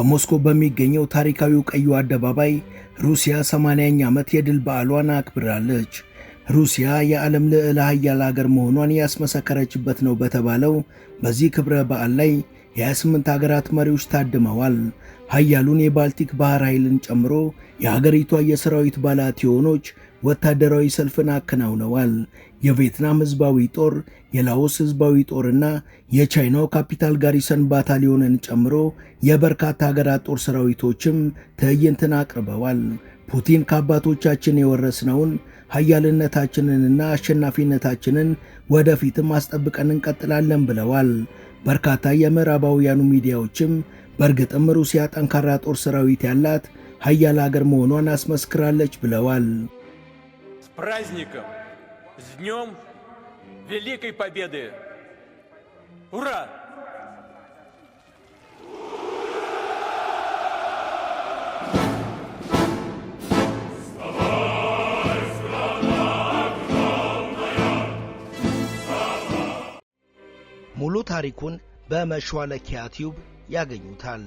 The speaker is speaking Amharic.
በሞስኮ በሚገኘው ታሪካዊው ቀዩ አደባባይ ሩሲያ 80ኛ ዓመት የድል በዓሏን አክብራለች። ሩሲያ የዓለም ልዕለ ኃያል አገር መሆኗን ያስመሰከረችበት ነው በተባለው በዚህ ክብረ በዓል ላይ የ28 ሀገራት መሪዎች ታድመዋል። ኃያሉን የባልቲክ ባህር ኃይልን ጨምሮ የሀገሪቷ የሰራዊት ባላት የሆኖች ወታደራዊ ሰልፍን አከናውነዋል። የቪየትናም ህዝባዊ ጦር፣ የላኦስ ህዝባዊ ጦርና የቻይናው ካፒታል ጋሪሰን ባታሊዮንን ጨምሮ የበርካታ ሀገራት ጦር ሰራዊቶችም ትዕይንትን አቅርበዋል። ፑቲን ከአባቶቻችን የወረስነውን ሀያልነታችንንና አሸናፊነታችንን ወደፊትም አስጠብቀን እንቀጥላለን ብለዋል። በርካታ የምዕራባውያኑ ሚዲያዎችም በእርግጥም ሩሲያ ጠንካራ ጦር ሰራዊት ያላት ሀያል አገር መሆኗን አስመስክራለች ብለዋል። праздником, с днем Великой Победы! Ура! ሙሉ ታሪኩን በመሿለኪያ ቲዩብ ያገኙታል።